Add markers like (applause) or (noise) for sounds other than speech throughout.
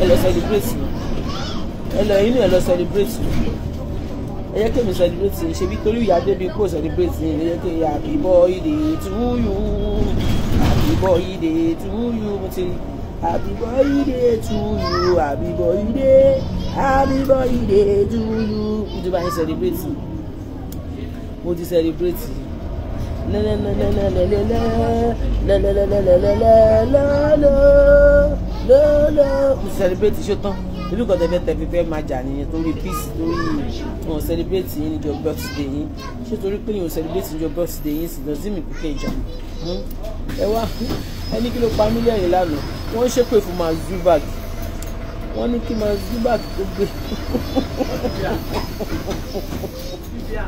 ẹ lọ celebrate ni ẹ lọ inú ẹ lọ celebrate ni ẹ yẹ kémi celebrate ni ṣebí torí ìyá débi kó celebrate ni ẹ yẹ kémi happy birthday to you happy birthday to you mo ti happy birthday to you happy birthday happy birthday to you mo ti bá yín celebrate ni mo ti celebrate ni la la la la la la la la la la la la la la lọ́ọ́lọ́ mo celebrate ṣó tán ebi kan tẹ fẹ́ tẹ fi fẹ́ máa jà nìyẹn torí peace torí wọn celebrate yín níjọ́ birthday yín ṣé torí pé yín celebrate níjọ́ birthday yín sì lọ sí mi kúkẹ́ ìjà ẹ wá ẹni kí ló pa mílíọ̀nù lánàá wọ́n ṣépè fún máa zú báàgì wọ́n ní kí máa zú báàgì tó gbé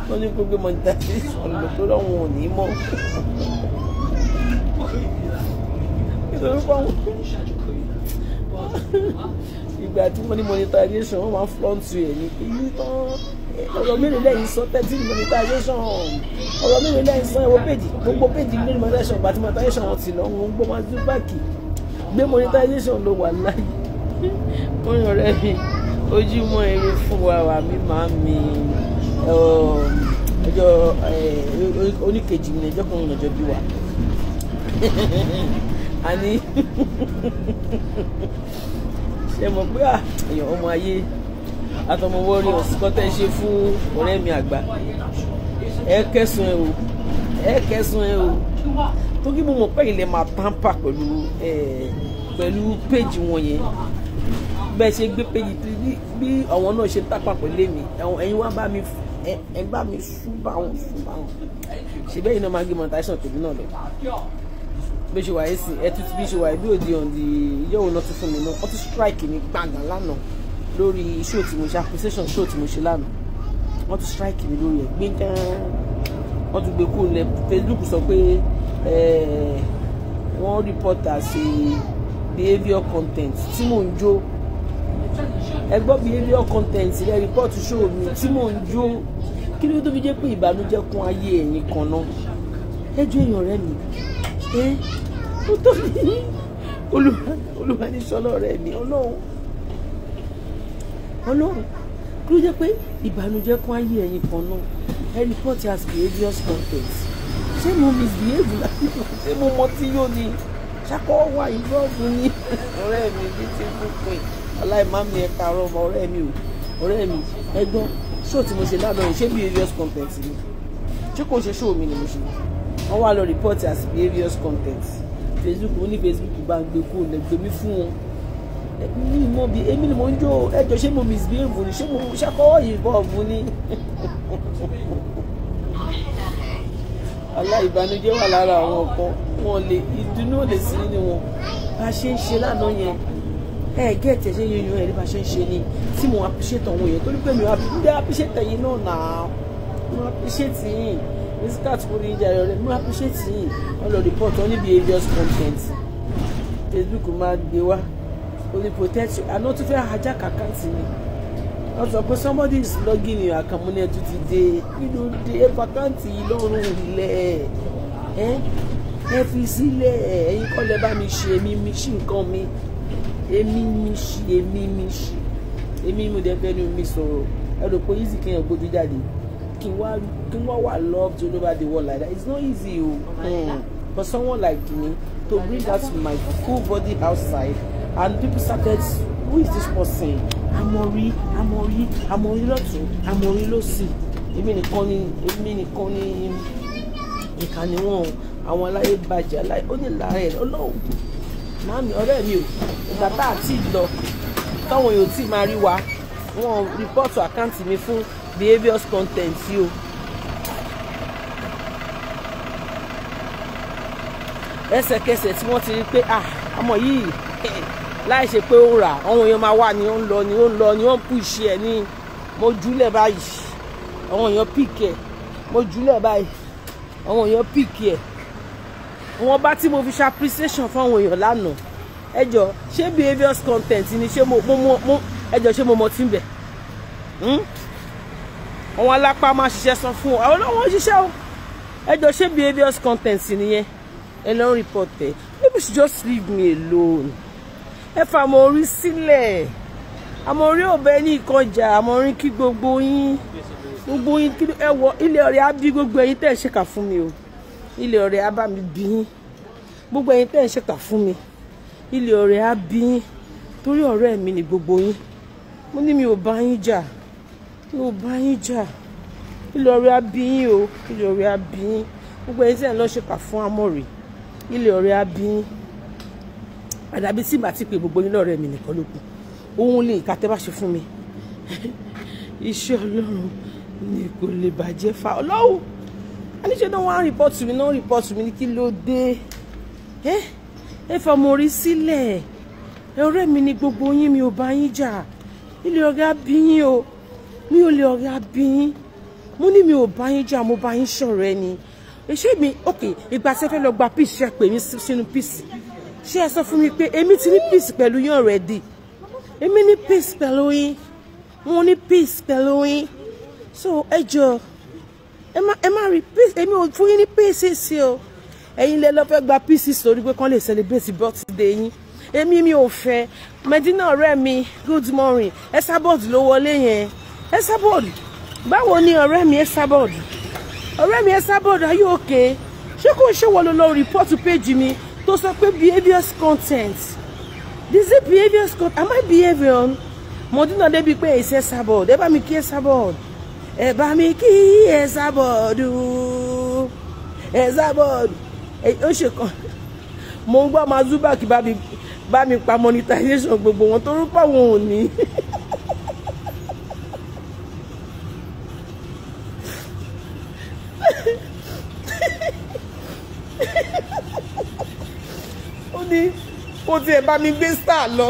wọ́n ní kó gbé monetization lọ tó lọ́wọ́ ò ní mọ́ nítorí pé àwọn ìgbà tí wọ́n ní monetization wọ́n máa ń flaunt ẹ̀ ní èyí tán ọ̀rọ̀ mélòó lẹ́yìn sọ thirteen monetization ọ̀rọ̀ mélòó lẹ́yìn sọ ẹ̀wọ̀ péjì gbogbo péjì ní monetization ìgbà tí monetization wọn ti lọ wọn gbọ́ máa dún báàkì gbé monetization ló wà láyé wọ́n yàn rẹ́ mi ojúmọ́ eré fún wa wà mí màá mi um, ọjọ́ eh, oníkejì mi ẹjọ́ kan ọjọ́ bí wa (laughs) a (laughs) ṣe mọ̀ pé ah, èèyàn ọmọ ayé àtọmọ warriors kọ́tẹ́ ṣe fún ọ̀rẹ́ mi àgbà ẹ kẹsùn ẹ o ẹ kẹsùn ẹ o tó kí mo mọ̀ pé ilẹ̀ máa tamper pẹ̀lú pẹ̀lú péjì wọn yẹn bẹ́ẹ̀ ṣe gbé péjì bí àwọn náà ṣe tápà pẹ̀lú èmi ẹ̀yin wá bá mi ẹ bá mi súbà wọn súbà wọn ṣe bẹ́ẹ̀ iná máa gé monetization tèmi náà lọ bí ṣe wà yìí sí ẹ tún bí ṣe wà yìí bí òdi ọ̀ndì ìyẹ́ òun náà tún fún mi náà wọ́n strike mi gbàngàn lánàá lórí show tí mo ṣe appreciation show tí mo ṣe lánàá wọ́n strike mi lórí ẹ̀ gbẹ̀ngàn wọ́n tún gbé kú lẹ̀ Facebook sọ pé wọ́n report as a behaviour content tí mò ń jó ẹ behaviour content rẹ report show mi tí mò ń jó kí ló tó fi jẹ́ pé ìbànújẹ́ kún ayé ẹ̀yìn kan náà ẹ èèyàn rẹ nìyí pé ó tó ní olùbánisọ́lọ́ rẹ ni ọlọ́run ọlọ́run kí ló jẹ́ pé ìbànújẹ́ kún ayé ẹ̀yìn kan náà ẹni pọ́ọ̀tì has behaviours content ṣé mo misbehave lásìkò ṣé mo mọ tí yóò ní ṣakọ wà ìlọ́ọ̀bù ní ọ̀rẹ́ mi bí ti kú pé aláìmáàmì ẹ̀ka ọ̀rọ̀ ọmọ ọ̀rẹ́ mi ò ọ̀rẹ́ mi ẹgbọ́n ṣó tí mo ṣe lánàá ṣé behaviours content ni ṣé kò ṣe ṣó mi ni mo ṣe wọ́n wá lọ report as behaviours content facebook ó ní facebook bá ń gbé kúrò lẹ́gbẹ̀ẹ́ mi fún wọn mi mo bi èmi ni mo ń jó ẹjọ ṣé mo misbehave ni ṣé mo ṣàkọwọ involve ni aláìbànújẹ́ wà lára àwọn kan wọn lè ìdùnnú ò lè sí nínú wọn bá a ṣe ń ṣe lánàá yẹn ẹ gé ẹtẹ ṣe yẹn yẹn rí bá a ṣe ń ṣe ni tí mo appreciate àwọn èèyàn torí pé mi ò appreciate ẹ̀yin náà nà á mo appreciate yín. Mr. Tukuri Jayore We appreciate yìí wọ́n lọ report only behavior's content Facebook máa they wá only protect you àná tó fẹ́ hijack account mi wọ́n sọ pé somebody is logging your account mo ní ẹtú ti dé kí ló dé ẹ vacancy yìí lọ́rùn ilẹ̀ ẹ ẹ fi sílẹ̀ ẹ̀yin kọ́ lẹ bá mi ṣe èmi mi ṣe nǹkan mi èmi mi ṣe èmi mi ṣe èmi mi dẹ́ fẹ́ ni mi sọ̀rọ̀ easy kéèyàn gbójú jáde kí wá kí wá wà loved all over the world like that it's not easy o mm. but someone like me to bring that to my full body outside and people started who is this person Amori Amori Amori lọ́tún Amori lósì èmi nìkan ni èmi nìkan ni ìkà ni wọn àwọn aláyé bàjẹ́ aláyé ó ní lára ẹ̀ ọlọ́run màámi ọ̀rẹ́ mi ò ìgbà tá a ti lọ táwọn èèyàn ti máa rí wa wọn rìpọ́ọ̀tù àkáǹtì mi fún behaviours content yìí o ẹsẹ̀kẹsẹ̀ tí wọ́n ti rí pé ah ọmọ yìí eh, láì ṣe pé ó rà àwọn èèyàn máa wà ní ó ń lọ ní ó ń lọ ní ó ń kú iṣẹ́ ẹ̀ ní mo báyìí àwọn èèyàn píìkì ẹ̀ mo báyìí àwọn èèyàn píìkì ẹ̀ wọn bá tí mo fi ṣe appreciation fún àwọn èèyàn lánàá ẹjọ ṣé behaviours content ni ṣé mo mo mo ẹjọ ṣé mo mọ tí ń bẹ. Hmm? àwọn alápá máa ṣiṣẹ́ san fún ọ àwọn olówó ṣiṣẹ́ o ẹ jọ ṣe behaviours content nìyẹn ẹ lọ ń report ẹ people should just leave me alone ẹ fà mọ orí sílẹ̀ àmọ orí òbẹ ní ìkọjà àmọ orí kí gbogbo yín gbogbo yín kí ẹ wọ ilé ọ̀rẹ́ á bí gbogbo ẹ̀yin tẹ́ ẹ ṣèkà fún mi o ilé ọ̀rẹ́ á bá mi bí yín gbogbo ẹ̀yin tẹ́ ẹ ṣèkà fún mi ilé ọ̀rẹ́ á bí yín torí ọ̀rẹ́ mi ni gbogbo yín mo ní mi ò bá yín jà yóò bá yín jà ilé ọ̀rẹ́ abiyín o ilé ọ̀rẹ́ abiyín gbogbo ẹni tí ẹ̀ ń lọ ṣe kà fún amọ̀rè ilé ọ̀rẹ́ abiyín àdàbí tí màá ti pè gbogbo yín lọ́rẹ́ mi nìkan ló kù òun lè ìka tẹ́ bá ṣe fún mi (laughs) iṣẹ́ ọlọ́run ni kò lè bàjẹ́ fa ọlọ́wọ́ aníṣe náà wọ́n á report mi náà report mi ní kí ló dé ẹ ẹ fọmọ orí sílẹ̀ ọ̀rẹ́ mi ni gbogbo yín mi ò bá yín jà ilé ọ̀gá bí o mi ò lè ọ̀rẹ́ abiyín mo ní mi ò bá yín jà mo bá yín ṣọ̀rẹ́ ni ṣé mi ok ìgbà tí ẹ fẹ́ lọ gba píìsì ṣe pè mí sínú píìsì ṣé ẹ sọ fún mi pé èmi ti ní píìsì pẹ̀lú yín already èmi ní píìsì pẹ̀lú yín mo ní píìsì pẹ̀lú yín so ẹ jọ ẹ má ẹ má rí píìsì èmi ò fún yín ní píìsì sí o ẹ̀yin lẹ lọ fẹ́ gba píìsì sórí pé kán lè celebrate birthday yín èmi mi ò fẹ́ Medina ọ̀rẹ́ mi good morning ẹ sábọ̀dù ló wọlé yẹn Esabod báwo ni ọ̀rẹ́ mi Esabod ọ̀rẹ́ mi Esabod are you okay ṣé kò ṣe wọ́n lọ lọ rìpọ́tù péjì mi tó sọ pé behaviours content this is behaviours content am I behaviour mo dín náà débi pé èsì Esabod ẹ bá mi kí Esabod ẹ bá mi kí Esabod Esabod ó ṣe kan mo ń gbọ́ máa zubak bá mi pa monetization gbogbo wọn torí pàwọn ò ní. (laughs) ó ti ẹ̀ bá mi gbé star lọ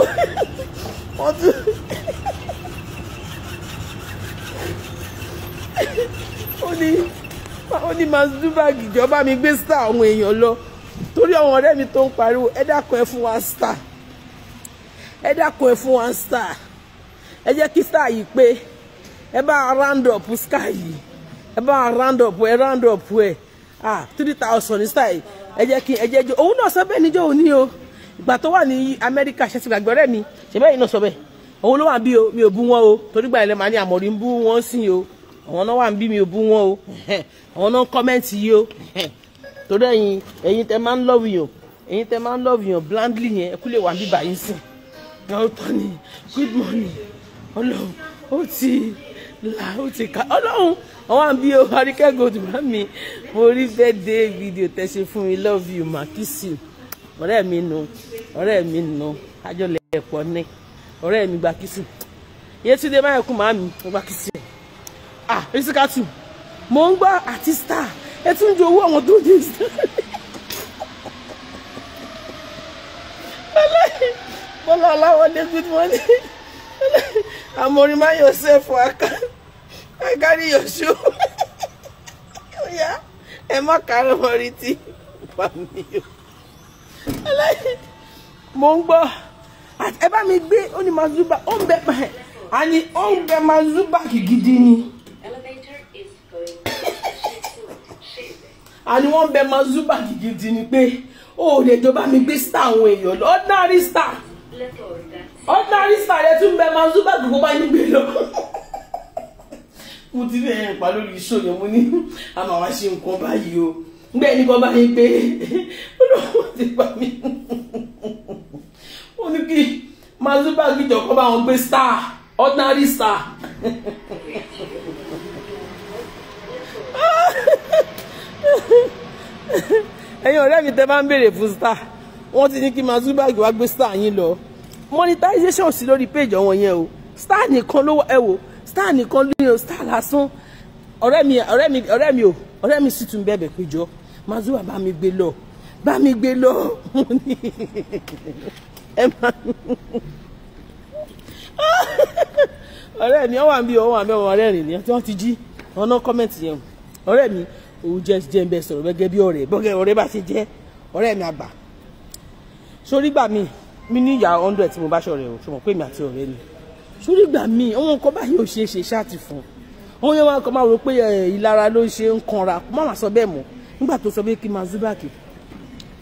ó ní ìjọba mi gbé star àwọn èèyàn lọ torí àwọn ọ̀rẹ́ mi tó ń pariwo ẹ dákun ẹ fún wa star ẹ dákun ẹ fún wa star ẹ kí star yìí pé ẹ bá round up sky yìí ẹ bá round up ẹ round up ẹ ah, three thousand star yìí ẹ kí ìgbà tó wà ní amẹ́ríkà ṣe ti gbàgbọ́ rẹ̀ mi ṣe bẹ́ẹ̀ iná sọ bẹ́ẹ̀ òun ló wà bí o mi ò bú wọn o torí gbà ilẹ̀ màá ní àmọ̀rí ń bú wọn sí o àwọn náà wà ń bí mi ò bú wọn o (laughs) àwọn náà ń kọ́mẹ́ǹtì yìí o (laughs) torí ẹ̀yin ẹ̀yin tẹ máa ń lọ́ọ̀bù yàn ẹ̀yin tẹ máa ń lọ́ọ̀bù yàn blandly yẹn ẹkú lè wà bí bàyí sìn náà ó tán good morning ọlọ́run ó ti là ó ti ká ọlọ́run àwọn àbí o àríkẹ́gòdù bá mi mo rí fẹ́ dé fídíò tẹ ṣe fún mi love you ma kiss you ọ̀rẹ́ mi nu ọ̀rẹ́ mi nu ajọlẹ̀ ẹ̀pọ̀ ní ọ̀rẹ́ mi gba kìsì Yétúndé Máyọ̀kún màámi gba kìsì ah Rísíkátù mò ń gbọ́ àti star ẹ tún ju owó àwọn tó ń jẹ star bọ́lá ọláwọlé good morning I'm Orima Yosef aka I carry your shoe ó yá ẹ má kàárọ̀ mọ́rí tí pa o lẹ́yìn mò ń gbọ́ ẹ bá mi gbé ó ní mazuba ó ń bẹ àní ó ń bẹ mazuba gidi ni àní wọ́n ń bẹ mazuba gidi ni pé ó lè jọ bá mi gbé star àwọn èèyàn lọ ordinary star ordinary star yẹn tún bẹ mazuba gbogbo bá yín lọ mo ti fẹ́ yẹn pa lórí iṣó yẹn mo ní a ṣe nǹkan báyìí o gbẹ́ ní kan bá yín pé (laughs) olóòwò ti pa mí ó ní kí mazuba gbìjọ kọ́ bá wọn gbé star ordinary star (laughs) ẹ̀yin ọ̀rẹ́ mi tẹ́ bá ń béèrè fún star wọ́n ti ní kí mazuba wá gbé star yín lọ monetization sí lórí page àwọn yẹn o star nìkan ló ẹ wò star nìkan ló yẹn o star lásán ọ̀rẹ́ mi ọ̀rẹ́ mi ọ̀rẹ́ mi o ọ̀rẹ́ mi sì tún bẹ̀bẹ̀ péjọ mazuwa bá mi gbé lọ bá mi gbé lọ mo (laughs) ní ẹ máa (laughs) ọ̀rẹ́ mi ọ̀wà mi ọ̀wà mi ọ̀wà rẹ̀rìn ni tí wọ́n ti jí ọ̀nà kọ́mẹ̀ntì yẹn ọ̀rẹ́ mi òun jẹ́ jẹ́ ń bẹ sọ̀rọ̀ gẹ́gẹ́ bí ọ̀rẹ́ bọ́gẹ́ ọ̀rẹ́ bá ṣe jẹ́ ọ̀rẹ́ mi àgbà sórí gbà mí mi ní ìyá hundred tí mo bá ṣọ̀rẹ́ o ṣùgbọ́n pé mi àti ọ̀rẹ́ ni sórí gbà mí àwọn nǹkan báyìí ò ṣeé ṣe ṣáàtì fún un wọ́n yẹn máa kọ́ máa rò pé ìlara ló ṣe ń kanra má máa sọ bẹ́ẹ̀ mọ́ nígbà tó sọ pé kí máa zubaki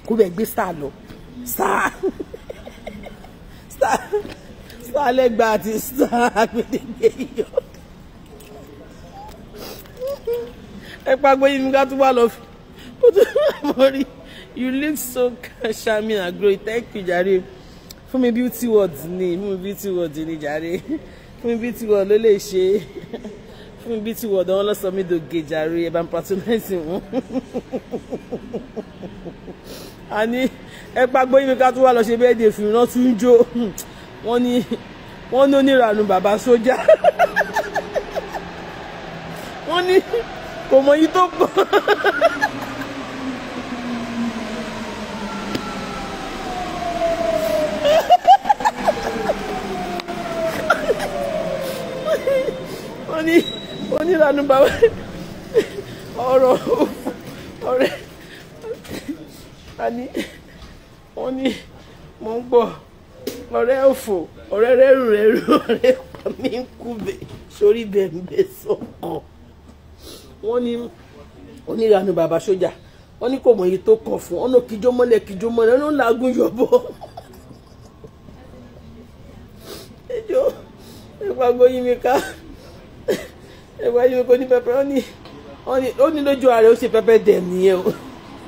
kó bẹ̀ gbé star lọ star (laughs) star star lẹ́gbàá àti star gbẹdẹgbẹ yọ ẹ pàgbé yìí nígbà tó wà lọ kó tó mọ̀ rí you look so charming and great thank you jare fún mi beauty words ni fún mi beauty words ni jare fún mi beauty words ló lè ṣe. (laughs) fún bí ti wọ̀dọ̀ wọn lọ́sọ̀ mi dò gèjàre ẹ̀ bá ń patronize wọn. a ní ẹ pàgbọ́ yìí ká tó wà lọ ṣe bẹ́ẹ̀ dè fìrìnà tó ń jó wọ́n ní wọ́n ní onírànú bàbá sójà wọ́n ní kò mọ yìí tó pọ̀. dànù bàbá ọ̀rọ̀ ọ̀rẹ́ àní wọ́n ní mò ń gbọ́ ọ̀rẹ́ òfò ọ̀rẹ́ rẹ́rù rẹ́rù ọ̀rẹ́ pa mí ń kúbe sórí bẹ̀m̀bẹ̀ sọ̀kọ̀ wọ́n ní oníranú bàbá sójà wọ́n ní kò mọ èyí tó kọ̀ fún ọ̀nà kíjó mọ́lẹ̀ kíjó mọ́lẹ̀ ló ń lagún yọ̀bọ̀ ẹjọ́ ẹgbàgbọ́ yìí mi ká ẹwà yorùbá ní pẹpẹ ó ní lójú ara ó ṣe pẹpẹ dẹ nìyẹn o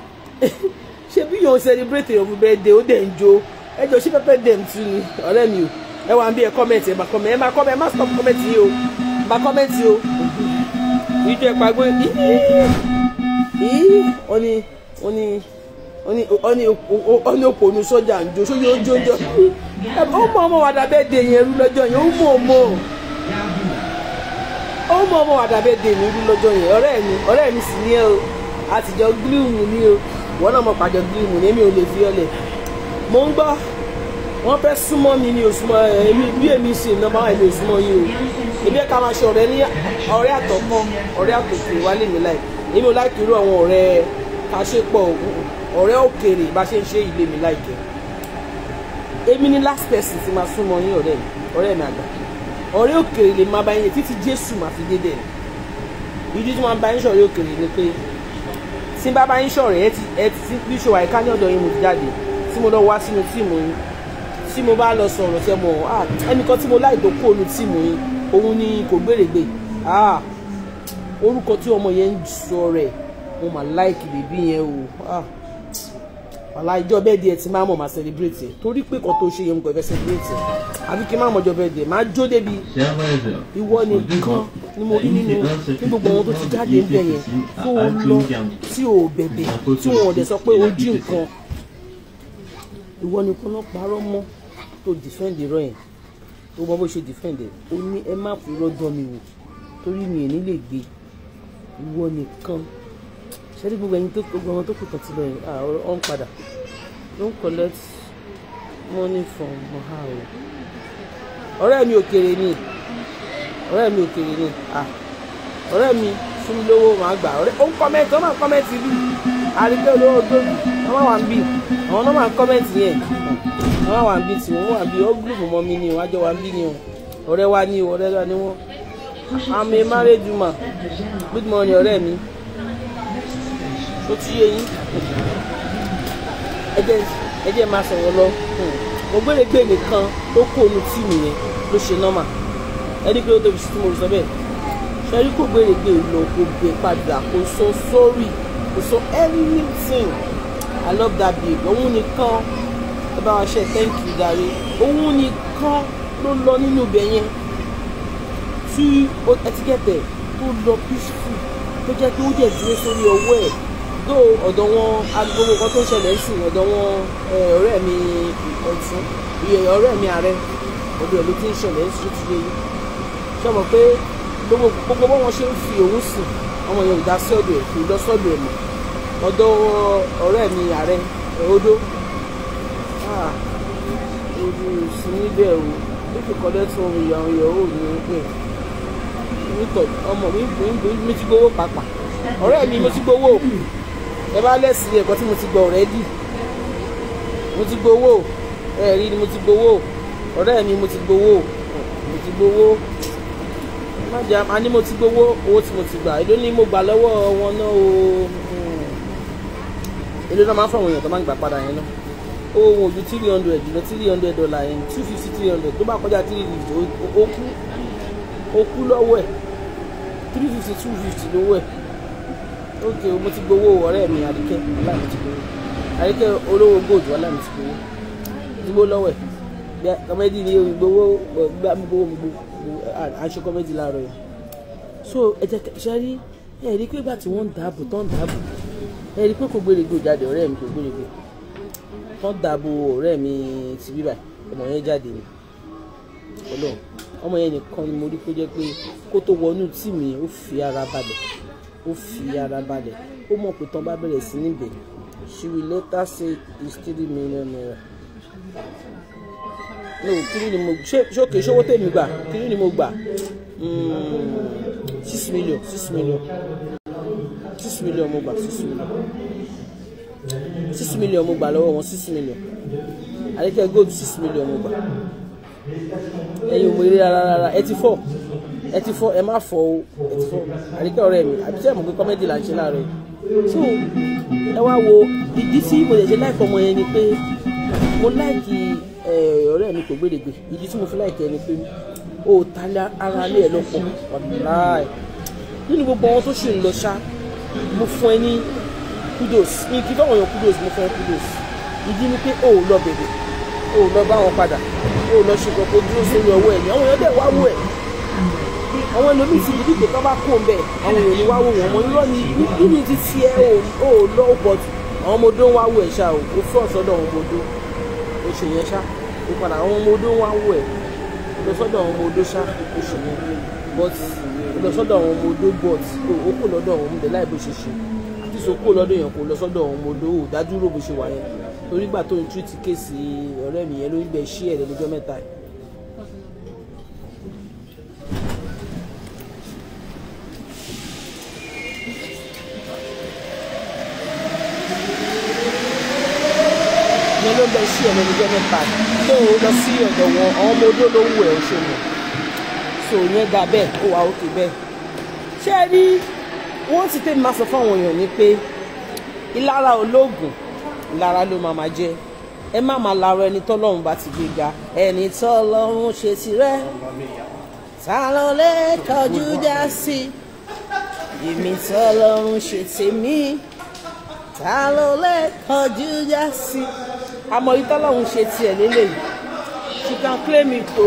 (laughs) ṣé bí yóò celebrate your birthday ó dẹ̀ ń jó ẹ jọ ṣé pẹpẹ dẹ tún ni ọ̀rẹ́ mi o ẹ wà ń bí ẹ comment ẹ má comment ẹ má comment ẹ má stop comment yìí o má comment yìí o ìjọ ẹ pàgọ́ yìí ó ní ó ní ó ní ó ní òpònú sọ́jà ń jó sóyè ó jójọ́ ẹ ó mọ ọmọ wàdà bẹ́ẹ̀ dé yẹn rú lọ́jọ́ yẹn ó mọ̀ ọ́ mọ̀ ọ́ ó mọ ọmọ àdàbẹ dè mí rú lọ́jọ́ yẹn ọ̀rẹ́ mi ọ̀rẹ́ mi sì ní ẹ o àtijọ́ gílùmù ni o wọn náà mọ pàjọ gílùmù ni èmi ò lè fi ọlẹ̀ mo ń gbọ́ wọ́n fẹ́ súnmọ́ mi ní òsúnmọ́ eh, èmi bí èmi sì nọ́mbà èmi òsúnmọ́ yìí o ebi ẹ̀ka máa ṣe ọ̀rẹ́ ní ọ̀rẹ́ àtọ̀kọ́ ọ̀rẹ́ àtòkè wálé mi láì èmi ò láìkè irú àwọn ọ̀rẹ́ kàṣepọ̀ ọ̀rẹ́ òkèrè bá ṣe ń ṣe ilé mi láìkè èmi ni last person ti máa súnmọ́ yín ọ̀rẹ́ mi ọ̀rẹ́ mi àgbà ọ̀rẹ́ òkèrè lè máa bá yín títí jésù máa fi dé dẹ̀ ìdí tí wọ́n bá yín sọ̀rẹ́ òkèrè ni pé tí bá bá yín sọ̀rẹ́ ẹ ti ẹ ti bí ṣòwò àyíká ní ọ̀dọ̀ yín mo ti jáde tí mo lọ wá sínú tíìmù yín tí mo bá lọ sọ̀rọ̀ tẹ mọ̀ ah, ẹnìkan tí mo láì dókó olú tíìmù yín òun ni kò gbèrègbè ah, orúkọ tí ọmọ yẹn ń sọ rẹ̀ mo mà láìkì bèbí yẹn o. Ah ọ̀la ìjọ bẹ́ẹ̀ di ẹ ti máa mọ̀ máa celebrate torí pé kò tó ṣe yẹn kò fẹ́ celebrate àbí kí n máa mọ̀jọ bẹ́ẹ̀ di ẹ̀ máa jó débi ìwọ nìkan ni mo rí nínú ní gbogbo àwọn tó ti jáde ń bẹ̀ yẹn tó o lọ tí o bẹ̀bẹ̀ tí wọn ò dẹ̀ sọ pé o jí nǹkan ìwọ nìkan lọ parọ́ mọ́ tó defend irọ́ yẹn tó mọ bó ṣe defend ẹ̀ ní ẹ má fi irọ́ dán mi wò torí mi ò ní lè gbé ìwọ nìkan ṣẹ́rí gbogbo ẹ̀yin tó gbogbo àwọn tó kù kàn tilẹ̀ ọ̀ padà don collect money from her o ọ̀rẹ́ mi òkèrè ni ọ̀rẹ́ mi òkèrè ni ọ̀rẹ́ mi fún mi lówó màá gbà ọ̀rẹ́ ó ń kọ́mẹ́ntì ó máa kọ́mẹ́ntì bí àríkẹ́ olówó máa wà ń bì àwọn máa kọ́mẹ́ntì ni o ọ̀rẹ́ wa ni ni wọ́n ó ti yé yín ẹ jẹ́ máa sọ̀rọ̀ lọ hmm. mo gbèrègbè nìkan tó kó omi tíìmù yẹn ló ṣe nọ́mà ẹni pé ó tóbi sí tí mo sọ bẹ́ẹ̀ ṣẹ́rí kò gbèrègbè e lọ kò gbé e padà kò sọ sórí kò sọ anything i love that babe òun nìkan ẹ bá wa ṣe thank you dare òun nìkan ló lọ nínú ibẹ̀ yẹn tí ẹ ti gẹ̀tẹ̀ tó lọ peaceful tó jẹ́ pé ó jẹ̀ dúró sórí ọwọ́ ẹ̀ dó ọ̀dọ̀ wọn agbogbo nǹkan tó ń ṣẹlẹ̀ sí ọ̀dọ̀ wọn eh, ọ̀rẹ́ mi ọ̀tún ọ̀rẹ́ mi ààrẹ ọ̀dọ̀ ẹ̀ ló ti ń ṣẹlẹ̀ sí ti yé yìí ṣé mọ̀ pé gbogbo bọ́ wọn ṣe ń fi òun sùn ọmọ yẹn ò dá sí ọ̀dọ̀ ẹ̀ kò lọ ẹ̀ mọ̀ ọ̀dọ̀ ọ̀rẹ́ mi ààrẹ odó ojú sí níbẹ̀ o if you collect one million your own ni pé ọmọ mi ti gbowó pàápàá ọ̀rẹ́ mi mo ti gbowó ẹ bá lẹ́sìn ẹ̀kọ́ tí mo ti gbọ́ ọ̀rẹ́dì mo ti gbowó ẹ̀rí ni mo ti gbowó ọ̀rẹ́ mi mo ti gbowó mo ti gbowó májà a ní mo ti gbowó owó tí mo ti gbà èló ni mo gbà lọ́wọ́ wọn náà o èló náà máa ń fọwọ́ èèyàn tó máa ń gbà padà yẹn náà ohun ojú three hundred lọ three hundred dollar yẹn two fifty three hundred tó bá kọjá three fifty ó kú ó kú lọ́wọ́ ẹ̀ three fifty two fifty lọ́wọ́ ẹ̀ ok mo ti gbowó ọ̀rẹ́ mi àríkẹ́ ọlá mi ti gbowó àríkẹ́ olówó gold ọlá mi ti gbowó dúró lọ́wọ́ ẹ̀ kọ́mẹ́dì ni gbowó gbá mi gbowó mi gbowó aṣọ kọ́mẹ́dì láàárọ̀ yẹn so ẹ jẹ́ ṣe rí ẹ rí pé ìgbà tí wọ́n ń dáàbò tán ń dáàbò ẹ rí pé kò gbèrègbè jáde ọ̀rẹ́ mi kò gbèrègbè tán dáàbò ọ̀rẹ́ mi ti bíbà ọmọ yẹn jáde ni ọlọ́run ọmọ yẹn nìkan ni mo rí pé jẹ́ pé kó tó wọnú tì mí ó fi ara balẹ̀ ó fi ara balẹ̀ ó mọ̀ pé tán bá bẹ̀rẹ̀ sí níbẹ̀ she will later say it's three million naira no kiri ni mo ṣe ṣókè ṣówó tèmi gbà kiri ni mo gbà hmm, six million six million six million mo gbà six million six million mo gbà lọ́wọ́ wọn six million àdékẹ́ gold six million mo gbà ẹ̀yin ò mọ eré rárá rárá eighty four ẹ fọ ẹ má fọ o ẹ fọ àdìkẹ́ ọ̀rẹ́ mi àbí sẹ́yìn mọ̀ pé kọ́mẹ́dì là ń ṣe láàárọ̀ yìí so ẹ wá wo ìdí tí mo lè ṣe láìpẹ́ ọmọ yẹn ni pé mo láìkì ọ̀rẹ́ mi kò gbèdégbè ìdí tí mo fi láìkì ẹni pé o ò ta ara lé ẹ lọ́pọ̀ ọ̀láì nínú gbogbo àwọn tó ṣì ń lọ ṣá mo fún ẹ ní kudos ní kí fáwọn èèyàn kudos mo fún ẹ kudos ìdí ni pé o ò lọ bẹ̀rẹ̀ o ò lọ bá wọn padà o ò lọ ṣùgbọ́n kó dúró sórí ọwọ́ ẹ̀ ní àwọn èèyàn dẹ̀ wá wú ẹ̀ àwọn ẹlòmíì ti dìbò tó bá kó bẹ àwọn èèyàn ni wá wò wọn mọ irọ́ ni nínú ti fi ẹ ò lọ ó àwọn ọmọdé ń wá wò ẹ̀ ṣá o kò fún ọ̀sọ́dọ̀ àwọn ọmọdé o ṣe yẹn ṣá o padà àwọn ọmọdé ń wá wò ẹ̀ lọ sọ́dọ̀ àwọn ọmọdé ṣá o ṣe yẹn but lọ sọ́dọ̀ àwọn ọmọdé but o kò lọ́dọ̀ àwọn ọmọdé láì bó ṣe ṣe àti so kò lọ́dọ̀ yẹn kò lọ sọ́dọ̀ àwọn ọmọdé o dájú rò bó ṣe wà yẹn torí gbà tó ń tú kéèsì ọ̀rẹ́ mi yẹn ló ń ṣí ẹ̀ lẹ́nu mẹ́ta yìí sí ọ̀nà ní Zenith Bank tó o lọ sí ọ̀dọ̀ wọn àwọn ọmọ odó ló wù ẹ̀ ń ṣe so yẹn da bẹ́ẹ̀ ó wà bẹ́ẹ̀ ṣé ẹ rí wọ́n ti tẹ́ máa sọ fáwọn èèyàn ni pé ìlara olóògùn ìlara ló máa máa jẹ́ ẹ má máa larọ ẹni tọ́lọ́run bá ti gbé ga ẹni tọ́lọ́run ṣe tirẹ̀ ta ló lè kọjú sí èmi tọ́lọ́run ṣe tèmi ta ló lè kọjú sí àmọ́ ìtọ́lọ́hún ṣe tiẹ̀ lélẹ́yìí she can claim it o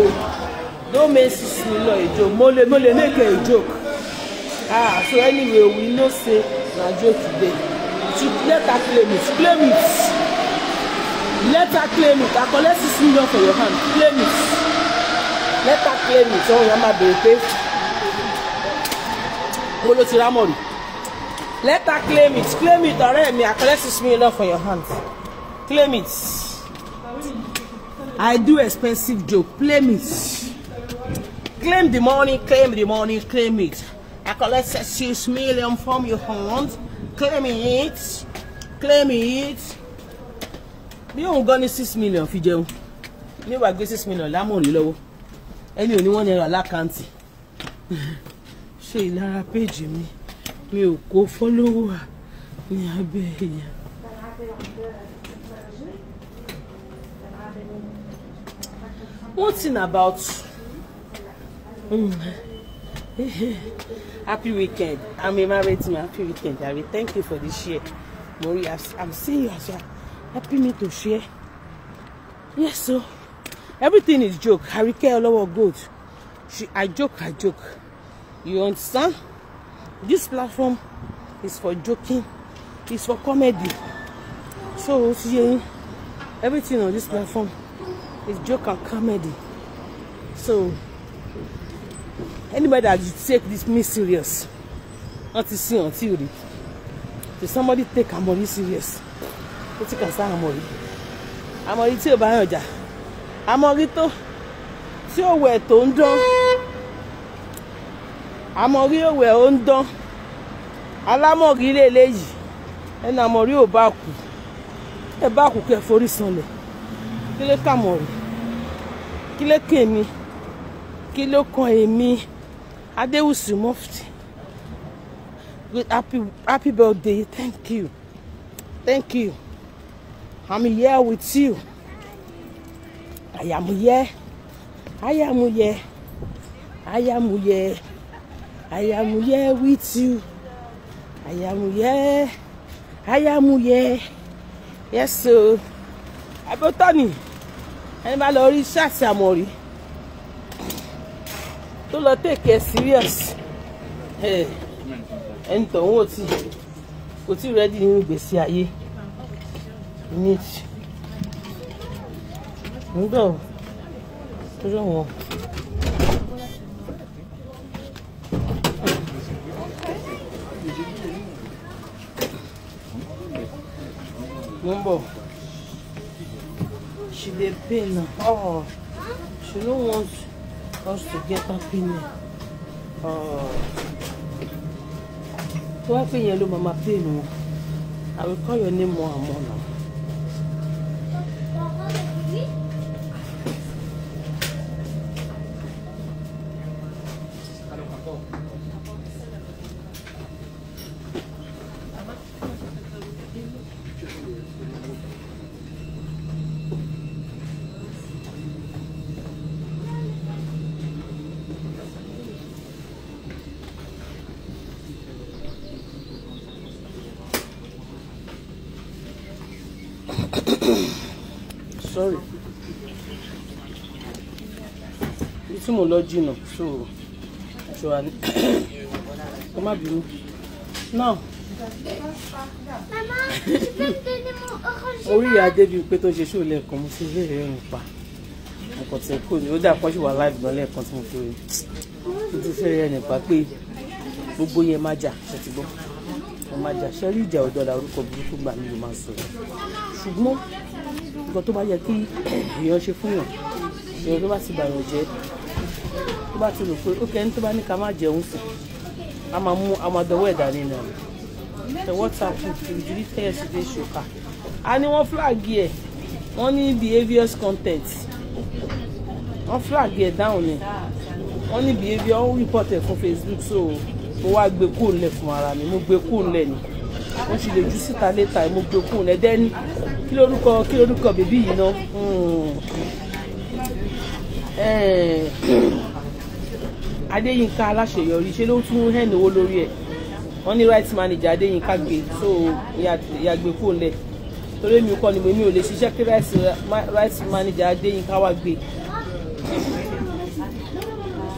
no make sis me no a joke mo le mo le make a joke ah so anyway we know say na joke today she let her claim it claim it let her claim it i collect six million for your hand claim it let her claim it ọ̀hún yẹn máa bèrè pé mo ló ti rámọ̀ rí let her claim it claim it ọ̀rẹ́ mi i collect six million for your hand claim it i do expensive joke claim it claim the money claim the money claim it i collect six million from your hands. claim it claim it bí òun gan ní six million fi jẹun níwà gbé six million lámòrí lọ́wọ́ ẹni òní wọ́n náírà lákàntì (laughs) ṣe ìlara péjì mi mi ò kó fọ́lọ́wà ní abẹ́ èèyàn. one thing about mm, (laughs) happy weekend i'm a married to happy weekend Jare thank you for this share mori i'm seeing you as you are helping me to share yes so everything is joke Harry care all Olowo Gold she i joke i joke you understand this platform is for joking it's for comedy so everything on this platform It's joke and comedy. So, anybody that you take this me serious, not to see until it. So somebody take Amori serious. What you can say Amori. Amori tí ò bá yànjà. Amori to tí ò Tondo. Amori ò wẹ̀ ó ń dán. Alámọ̀rí lélẹ́yìí. Amori ò bá kú. Ẹ bá kú kẹ́ forí kí ló kà mọ̀ rí kí ló kàn èmi kí ló kàn èmi Adéwùsù Mufti good happy happy birthday thank you thank you I'm here with you I am here I am here I am here I am here with you I am here I am here yes sir. So àbótọ́ ni ẹni bá lọ rí ṣáàtì àmọ̀rí tó lọ tèkè serious ẹni tọ̀hún ò tí kò tí rẹ́dí nínú ìgbésí ayé neat nígbà ò tó rọ̀ wọ́n. Number pay now. Oh, ah, she don't want us to get her payment. Oh. So I pay yẹn ló mama pay no. I will call your name more and more now. sorry tí mo lọ jìnnà so so à ní kó má bínú náà orí ìyá débi pé tó ṣe ṣòlẹ̀ kan mo ti lè rẹ́rìn pa nǹkan tí kò ní ó dà pọ́ṣù wà láì gbọ́n lẹ́ẹ̀kan tí mo fi rè mo ti fẹ́ rẹ́rìn pa pé gbogbo yẹn má jà ṣe ti gbọ́ mo má jà ṣe rí ìjà ọ̀dọ́ la orúkọ burúkú gbà mí ló máa sọ̀rọ̀ ṣùgbọ́n nǹkan tó bá yẹ kí èèyàn ṣe fún yàn èèyàn tó bá ti bàyàn jẹ́ tó bá ti rò pé ó kẹ́ni tó bá ní ká má jẹun sí a máa mú a máa dọwọ́ ẹ̀dá nínú rẹ̀ the whatsapp ìdílé tẹ́yẹsì dé ṣòkà a ní wọ́n flag ẹ̀ wọ́n ní behaviours content wọ́n flag ẹ̀ dáhùn ni wọ́n ní behaviour wọ́n report ẹ̀ fún facebook so mo wá gbé kóòlù lẹ̀ fún ara mi mo gbé kóòlù lẹ̀ ni mo sì lè jù síta létà mo gbé kóòlù lẹ̀ dẹ́ni kí lorúkọ kí lorúkọ bèbí yìí ná hmm. eh. adéyínká aláṣeyọrí ṣe ló tún hẹ́ẹ̀nì owó lórí ẹ̀ wọ́n ní right manager adéyínká gbé so ìyá gbé kó lẹ̀ torí mi kọ́ ni mo mi ò lè ṣiṣẹ́ kí right manager adéyínká wá gbé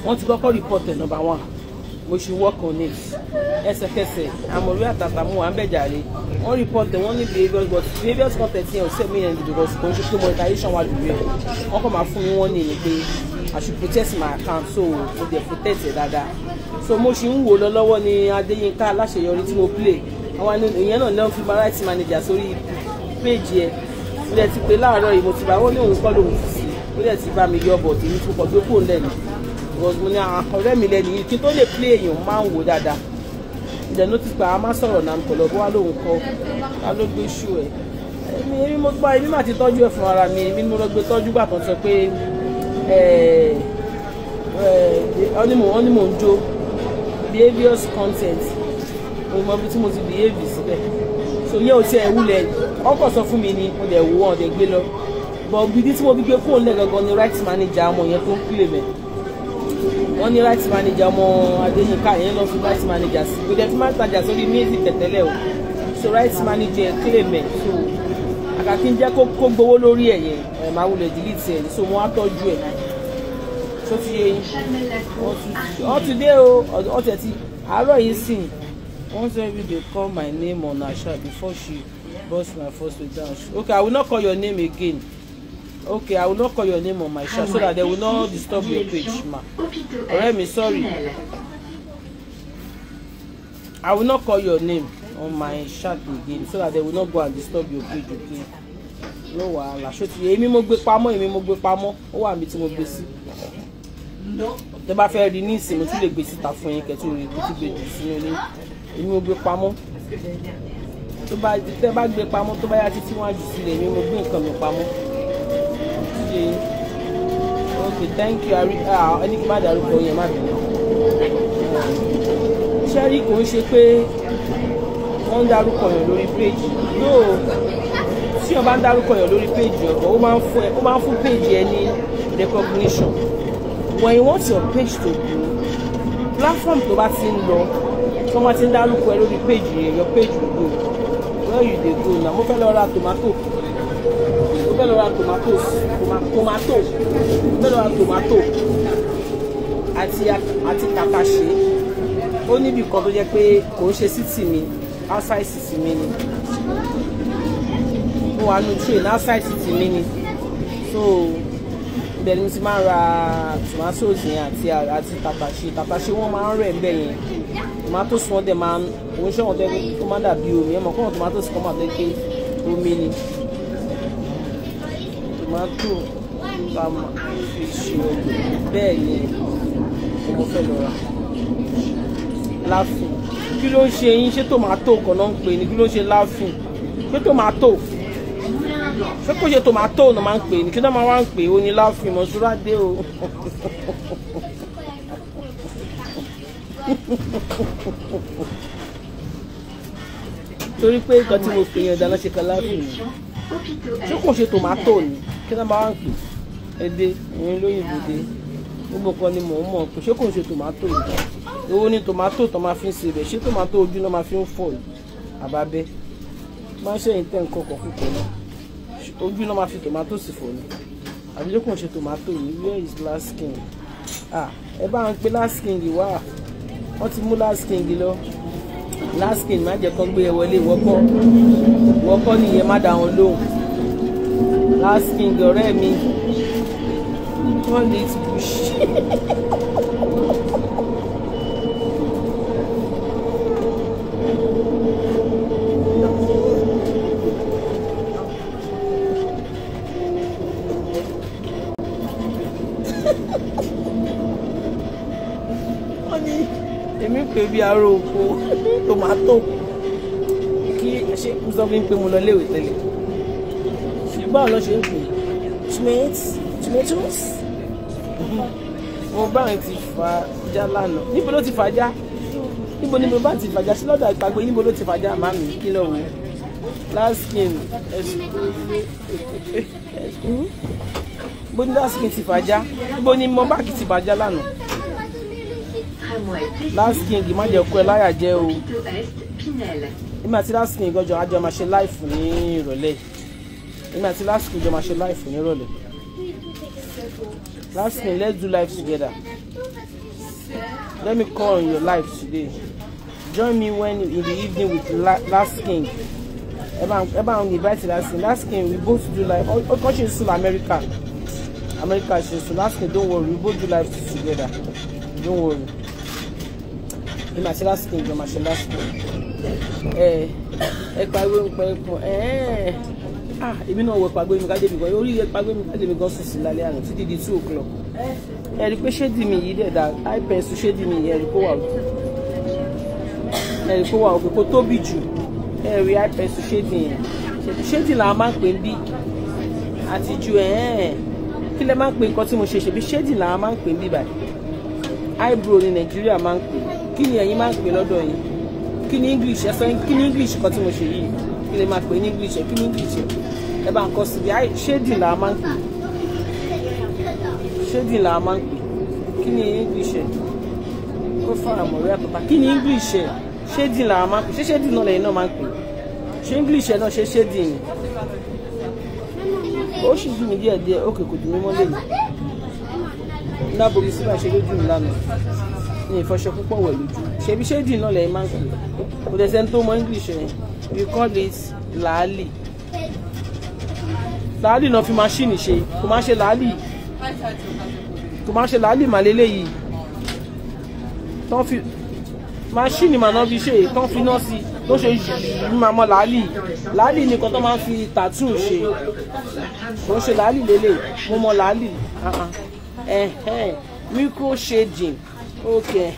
wọ́n ti kọ́kọ́ report ẹ̀ number one we should work on it ẹsẹ̀kẹsẹ̀ Àmọ̀rí Àtàtà mo wà ń bẹ̀ jàre wọ́n report ẹ̀ wọ́n ní behaviours but behaviours content yẹn ò sí ẹ̀mí yẹn because kò ń ṣe pé monetization wà lórí ẹ̀ wọ́n kàn máa fún mi wọ́n ní ni pé I should protect my account so mo dey protect ẹ̀ dáadáa so mo ṣì ń wò lọ lọ́wọ́ ní Adéyínká Aláṣeyọrí tí mo play àwọn èèyàn náà náà human rights manager sórí page yẹn mo dẹ̀ ti pé láàárọ̀ yìí mo ti bá wọ́n ní òun kọ́ lóun sí mo dẹ̀ ti bá mi yọ bọ̀ tèmi fún kọ́ tó kù lẹ́nu because mo ní ah, ọ̀rẹ́ mi lẹ́nu kí tó lè play èèyàn máa ń wò dáadáa ìdẹ̀ ló pa a máa sọ̀rọ̀ náà kọ̀ lọ́bọ̀ wá lóun kọ́ ta ló gbé ṣú ẹ̀ èmi èmi mo gbọ́ èmi mà ti tọ́jú ẹ̀ fún ara mi èmi mo lọ gbé tọ́jú gbà kan sọ pé ọ́nìmọ̀ ọ́nìmọ̀ ń jó behaviours content mo mọ ibi tí mo ti behave síbẹ̀ so yẹ́ o ti ẹ̀ wúlẹ̀ ọkọ̀ sọ fún mi ni mo dẹ̀ wò ọ́ ọ̀dẹ̀ gbé lọ but gidi tí mo fi gbé fóònù lẹ̀ gangan ni right manager ọmọ yẹn tó ń pìlẹ̀ mẹ́ wọ́n ní right manager ọmọ adéyínká yẹn lọ fi right manager sí kò dẹ̀ fi máa tajà sórí music tẹ̀tẹ̀lẹ̀ o so right manager claim ẹ̀ so àkàkí ń jẹ́ kó gbowó lórí ẹ̀ yẹn ẹ̀ máa wulẹ̀ delete ẹ̀ so wọ́n á tọ́jú ẹ̀ tó ti yẹ yín wọ́n ti dé o wọ́n ti ẹ̀ ti àárọ̀ yìí sìn once every day call my name on asha before she burst my first way down okay i will not call your name again okay i will not call your name on my chat so that they will not disturb your page ma Alright, mi sorry i will not call your name on my chat again so that they will not go and disturb your page okay no wahala ṣó ti èmi mo gbé pamọ́ èmi mo gbé pamọ́ ó wà níbi tí mo gbé sí tó bá fẹ́ rí ní ìsìn mo tún lè gbé síta fún yín kẹ́tù rí kó tún gbé jù sínú ilé èmi mo gbé pamọ́ tó bá tẹ́ bá gbé pamọ́ tó bá yá títí wọ́n á jù sílẹ̀ èmi mo gbé nǹkan mi pamọ́ okay okay thank you ari ẹni kí n má dárúkọ yẹn má bínú ṣẹ́rí kò ń ṣe pé wọ́n ń dárúkọ yẹn lórí péjì yóò tí wọ́n bá ń dárúkọ yẹn lórí péjì ọ̀gọ́ ó máa ń fún ẹ ó máa ń fún péjì ẹ ní recognition when you want your page to grow platform tó bá ti ń lọ tó bá ti ń dárúkọ ẹ lórí péjì yẹn your page will go where you dey go na mo fẹ́ lọ ra tomato fẹ́ lọ ra tomato fẹ́ lọ tomato àti àti tàtàṣé ó níbi kan tó jẹ́ pé kò ń ṣe city mi outside city mi ni ó wà nù train outside city mi ni so ibẹ̀ ni mo ti máa ń ra tomatoes yẹn àti àti tàtàṣé tàtàṣé wọ́n máa ń rẹ̀ ń bẹ̀ yẹn tomatoes wọn dẹ̀ máa ń òun ṣé wọn tẹ́ kó má dàbí omi ẹ̀ mọ̀ kó wọn tomatoes kan máa tẹ́ pé omi ni tòmátò la máa fi ṣe ọbẹ̀ bẹ́ẹ̀ ni mo fẹ́ lọ rà láfin kí ló ń ṣe yín ṣé tòmátò kan náà ń pè ní kí ló ń ṣe láfin ṣé tòmátò ṣé kò ṣe tòmátò náà máa ń pè ní kí náà máa wá ń pè ó ní láfin mọ̀ṣúrádé o. (laughs) torí pé nǹkan tí mo pè yẹn dáná ṣe kan láfin ṣé kò ṣe tòmátò ni kí náà máa ń pè èdè òun lóyìnbó dé gbogbo kan ni mò ń mọ̀ pé ṣé kò ń ṣe tòmátò yìí owó ni tòmátò tó máa fi ń ṣe bẹ̀ ṣé tòmátò ojú náà máa fi ń fọ̀ yìí àbábẹ́ máa ń ṣẹ̀yìn tẹ̀ nǹkan kan kúkọ náà ojú náà máa fi tòmátò sì fọ̀ ni àbí ṣé kò ń ṣe tòmátò yìí where is last king ah ẹ bá ń pe last king wá wọ́n ti mú last king lọ last king má jẹ́ kán gbé ẹ wọlé wọ́kọ́ wọ́kọ́ nìyẹn má dá wọn lóhùn last king ọ̀rẹ́ mi one little bush. èmi pè bí aró oko tomato kí ṣe mo sọ fún mi pé mo lọ léèwé tẹ́lẹ̀ báwo ló ṣe ń pè tomatoes wọn báwọn ti fà já lánàá níbo ló ti fà já níbo níbo bá ti já, sí lọ́dọ̀ àgbàgbé níbo ló ti fàjà màmí kí lọ wò laskin bó ní laskin ti fàjà bó ní mobak ti fàjà lánàá laskin kì má jẹ kú ẹ láyà jẹ o èmi àti laskin gọjọ àjọ máa ṣe láìfù ní ìrọ̀lẹ́ yìí èmi àti lásìkò ìjọba ṣe láìfò nírọ̀lẹ́ last name let's do life together let me call on your life today join me when in the evening with La last king eban eban invite last king last king we both do life ọkọ ṣe sùn america america ṣe sùn last king don't worry we both do life together don't worry ìmọ̀ àti last king ìjọba ṣe last king ẹ ẹ pa ewé ń pẹ́ pọ̀ ah èmi náà wọ pàgbé mi kájé mi gan orí yẹ pàgbé mi kájé mi gan sùn sí lálẹ́ àná títí di two o'clock ẹ rí i pé ṣéèdì mi yìí dẹ̀ dá ipens ṣéèdì mi yìí ẹ rí i pé wà òkè ẹ rí i pé wà òkè kó tóbi jù ẹ rí ipens ṣéèdì yẹn ṣéèdì là máa ń pè ń bí àtijú ẹ̀ ẹ̀ kí lẹ máa ń pè nǹkan tí mo ṣe ṣe bí ṣéèdì là máa ń pè ń bí báyìí eyebrow ní nàìjíríà máa ń pè kí ni ẹ̀yin máa ń pè lọ́dọ̀ yìí kí ni english ẹ sọ kí ni english kan tí mo ṣe yìí kí lè máa pè ní english kí ní english ẹ bá ń kọ síbi àì shading là á shading là á máa ń pè kí ni english ó fara mọ̀ rẹ́ àpapà kí ni english shading là á máa shading náà lẹ́yìn náà máa ń pè ṣé english náà ṣe shading ni ó sì dùn mí díẹ̀ díẹ̀ ó kè kò dùn mí mọ́lẹ̀ mi dáàbò mi síbà ṣe lójú mi lánàá ní ìfọṣọ púpọ̀ wẹ̀ lójú ṣebí shading náà lẹ́yìn máa ń pè kò dẹ̀ sẹ́ni tó english yẹn we call this làálì làálì no, fi machine ṣe kò máa ṣe làálì kò máa ṣe làálì màlélẹ́ yìí tán fi máṣíìnì màná fi ṣe tán fi náà sí tó ṣe ni máa mọ làálì làálì nìkan tó máa ń fi tàtú ṣe kò ń ṣe làálì lélẹ̀ mo mọ làálì ah, ah. micro shading okay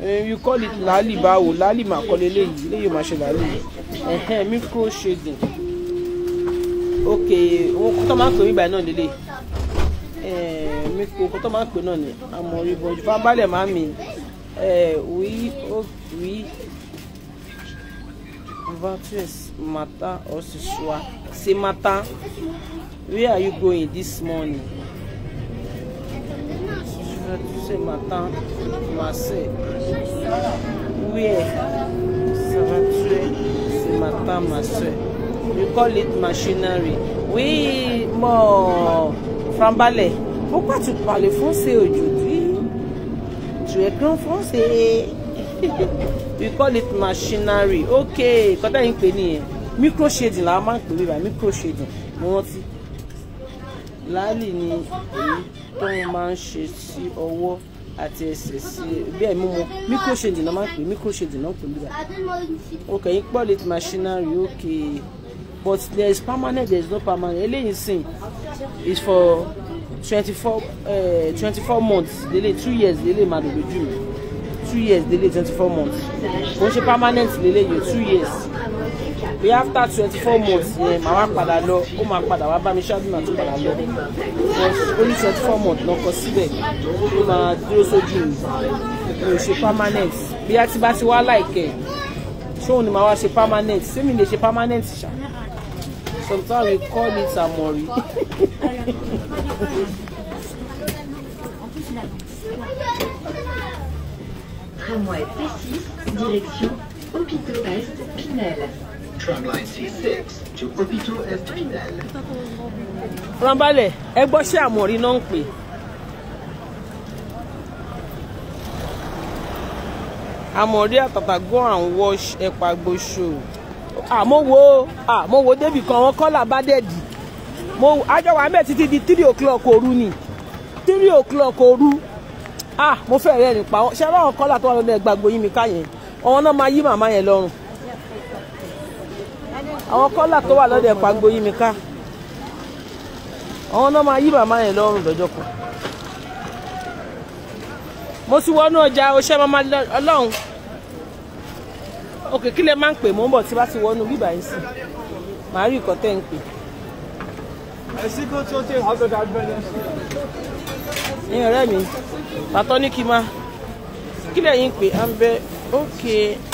you call it làálì báwo làálì mà kọ́ leléyìí léyìí ma ṣe lali. ẹ̀hẹ́n micro shading ok ohun tó máa ń pè mí báyìí náà lélẹ̀ micro ohun tó máa ń pè náà ni àmọ́ ìbọn jù fún abálẹ̀ máa mi wí wí virtues matter or sisua say matter where are you going this morning ce matin, ma Oui, ça va tuer ce matin, ma You call it machinery. Oui, mon Frambalais, pourquoi tu parles français aujourd'hui? Tu es grand français. we (laughs) call it machinery okay quand yìí ń pè ní micro shading làwọn máa ń pè ní micro shading mo rántí láàlì ni tó máa ń ṣe sí ọwọ́ àti ẹsẹ̀ sí bẹ́ẹ̀ mímọ micro shading náà máa ń pè micro náà pè nígbà ok yín pọ̀ late machinery ok but there is permanent there is no permanent eléyìí sìn is for twenty four eh, twenty four months délé two years délé máa lò lójú two years délé twenty four months kò ń ṣe permanent lélẹ́yìí two years bí after twenty four months yẹn màá wá padà lọ ó máa padà wá bá mi ṣáájú màá padà lọ ó twenty four months lọkọ síbẹ̀ ó máa dúró sójú mi mi ò ṣe permanent bí a ti bá ti wá láìkẹ́ ṣóun ni màá wá ṣe permanent ṣé mi lè ṣe permanent ṣá sometimes we call it amori. Tramway P6, direction Hôpital Est, Pinel tramline c6 to Obito Espinel. Rambalẹ̀, ẹ gbọ́ ṣé àmọ̀rí náà ń pè. Àmọ̀rí àtàtà go and wash ẹ̀pà gbóṣò. Àmọ́ wo àmọ́ wo débì kan wọn kọ́là bá dẹ̀dì. Mo ajọ́ wa mẹ́ títí di three o'clock òru ni. three o'clock òru. Ah mo fẹ́ rẹ̀ nípa ṣé báwọn kọ́là tó wà lọ́nà ẹ̀gbàgbọ́ yín mi ká yẹn. Àwọn náà máa yí màmá yẹn lọ́rùn àwọn kọ́là tó wà lọ́dẹ̀ pàgbó yí mi ká àwọn náà máa yí màmá yẹn lọ́rùn lọ́jọ́ kan mo ti wọnú ọjà oṣẹ́ mama ọlọ́run òkè kí lè máa ń pè mò ń bọ̀ tí bá ti wọnú bíbà yìí sí màá rí nǹkan tẹ́ ń pè. ní ọ̀rẹ́ mi pàtó ní kí n máa kí lè yín pè à ń bẹ ókè. Okay.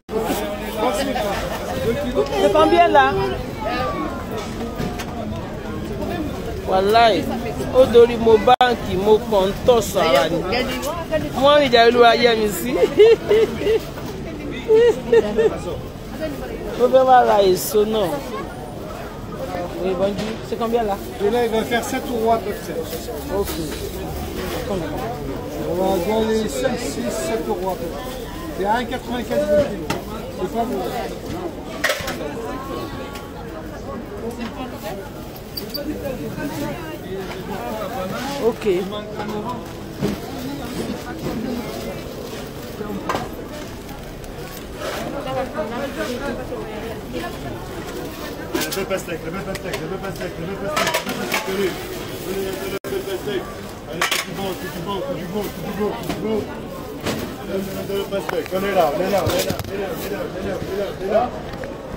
C'est combien là Voilà. Au dorí mo báǹkì mo kàn ń tọ̀ sára ni wọ́n rìn ìjà olúwa yẹ mi sí mo fẹ́ wá ra Oui, bonjour. C'est combien là Et là, il va faire 7 ou 8 Ok. Combien On va dans les 5, 6, 7 euros à peu près. C'est 1,95 le C'est pas bon. Ok.